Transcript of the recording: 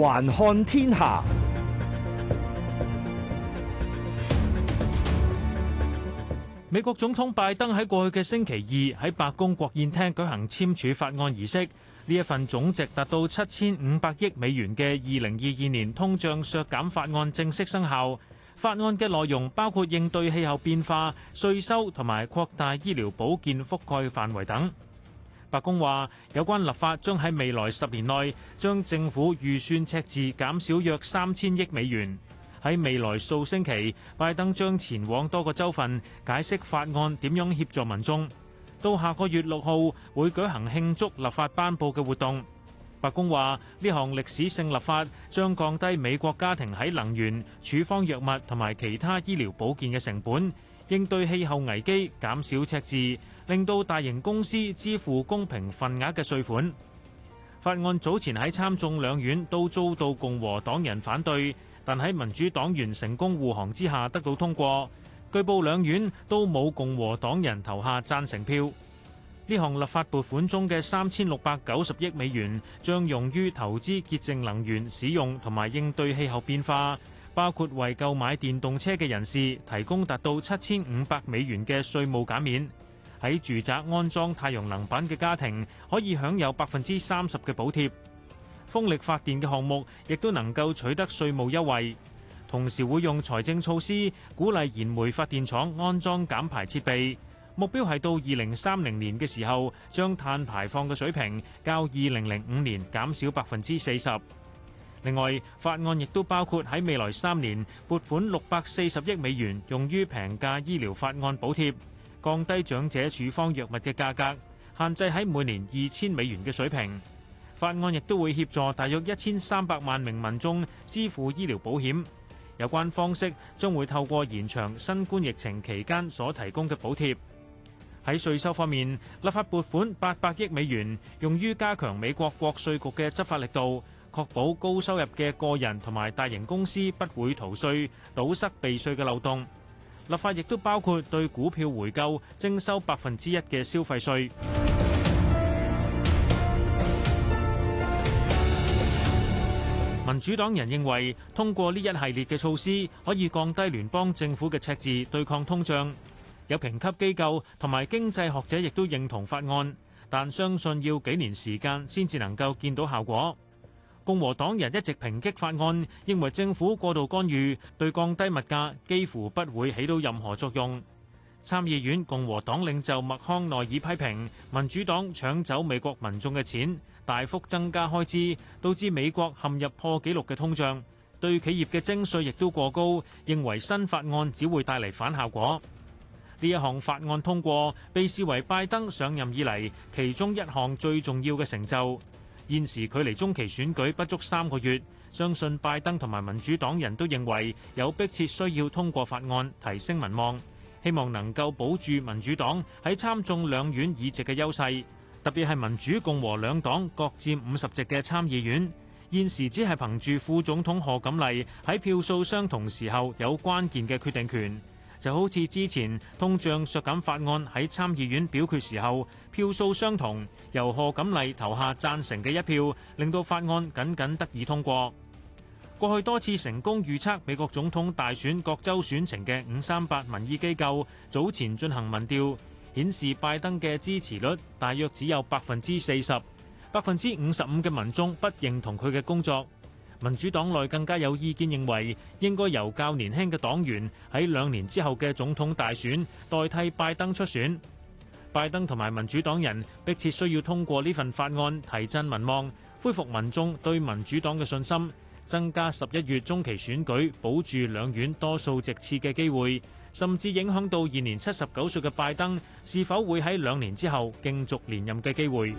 環看天下。美國總統拜登喺過去嘅星期二喺白宮國宴廳舉行簽署法案儀式。呢一份總值達到七千五百億美元嘅二零二二年通脹削減法案正式生效。法案嘅內容包括應對氣候變化、稅收同埋擴大醫療保健覆蓋範圍等。白宮話，有關立法將喺未來十年內將政府預算赤字減少約三千億美元。喺未來數星期，拜登將前往多個州份解釋法案點樣協助民眾。到下個月六號會舉行慶祝立法頒布嘅活動。白宮話，呢項歷史性立法將降低美國家庭喺能源、處方藥物同埋其他醫療保健嘅成本，應對氣候危機，減少赤字。令到大型公司支付公平份額嘅稅款。法案早前喺參眾兩院都遭到共和黨人反對，但喺民主黨員成功護航之下得到通過，據報兩院都冇共和黨人投下贊成票。呢項立法撥款中嘅三千六百九十億美元將用於投資潔淨能源使用同埋應對氣候變化，包括為購買電動車嘅人士提供達到七千五百美元嘅稅務減免。喺住宅安裝太陽能板嘅家庭可以享有百分之三十嘅補貼，風力發電嘅項目亦都能夠取得稅務優惠，同時會用財政措施鼓勵燃煤發電廠安裝減排設備。目標係到二零三零年嘅時候，將碳排放嘅水平較二零零五年減少百分之四十。另外，法案亦都包括喺未來三年撥款六百四十億美元，用於平價醫療法案補貼。降低長者處方藥物嘅價格，限制喺每年二千美元嘅水平。法案亦都會協助大約一千三百萬名民眾支付醫療保險。有關方式將會透過延長新冠疫情期間所提供嘅補貼。喺稅收方面，立法撥款八百億美元，用於加強美國國稅局嘅執法力度，確保高收入嘅個人同埋大型公司不會逃稅、堵塞避稅嘅漏洞。立法亦都包括對股票回購徵收百分之一嘅消費稅。民主黨人認為，通過呢一系列嘅措施，可以降低聯邦政府嘅赤字，對抗通脹。有評級機構同埋經濟學者亦都認同法案，但相信要幾年時間先至能夠見到效果。共和黨人一直抨擊法案，認為政府過度干預，對降低物價幾乎不會起到任何作用。參議院共和黨領袖麥康奈爾批評民主黨搶走美國民眾嘅錢，大幅增加開支，導致美國陷入破紀錄嘅通脹，對企業嘅徵稅亦都過高，認為新法案只會帶嚟反效果。呢一項法案通過，被視為拜登上任以嚟其中一項最重要嘅成就。現時距離中期選舉不足三個月，相信拜登同埋民主黨人都認為有迫切需要通過法案提升民望，希望能夠保住民主黨喺參眾兩院議席嘅優勢，特別係民主共和兩黨各佔五十席嘅參議院。現時只係憑住副總統賀錦麗喺票數相同時候有關鍵嘅決定權。就好似之前通脹削減法案喺參議院表決時候票數相同，由賀錦麗投下贊成嘅一票，令到法案僅僅得以通過。過去多次成功預測美國總統大選各州選情嘅五三八民意機構早前進行民調顯示，拜登嘅支持率大約只有百分之四十，百分之五十五嘅民眾不認同佢嘅工作。民主黨內更加有意見認為，應該由較年輕嘅黨員喺兩年之後嘅總統大選代替拜登出選。拜登同埋民主黨人迫切需要通過呢份法案提振民望，恢復民眾對民主黨嘅信心，增加十一月中期選舉保住兩院多數席次嘅機會，甚至影響到現年七十九歲嘅拜登是否會喺兩年之後競逐連任嘅機會。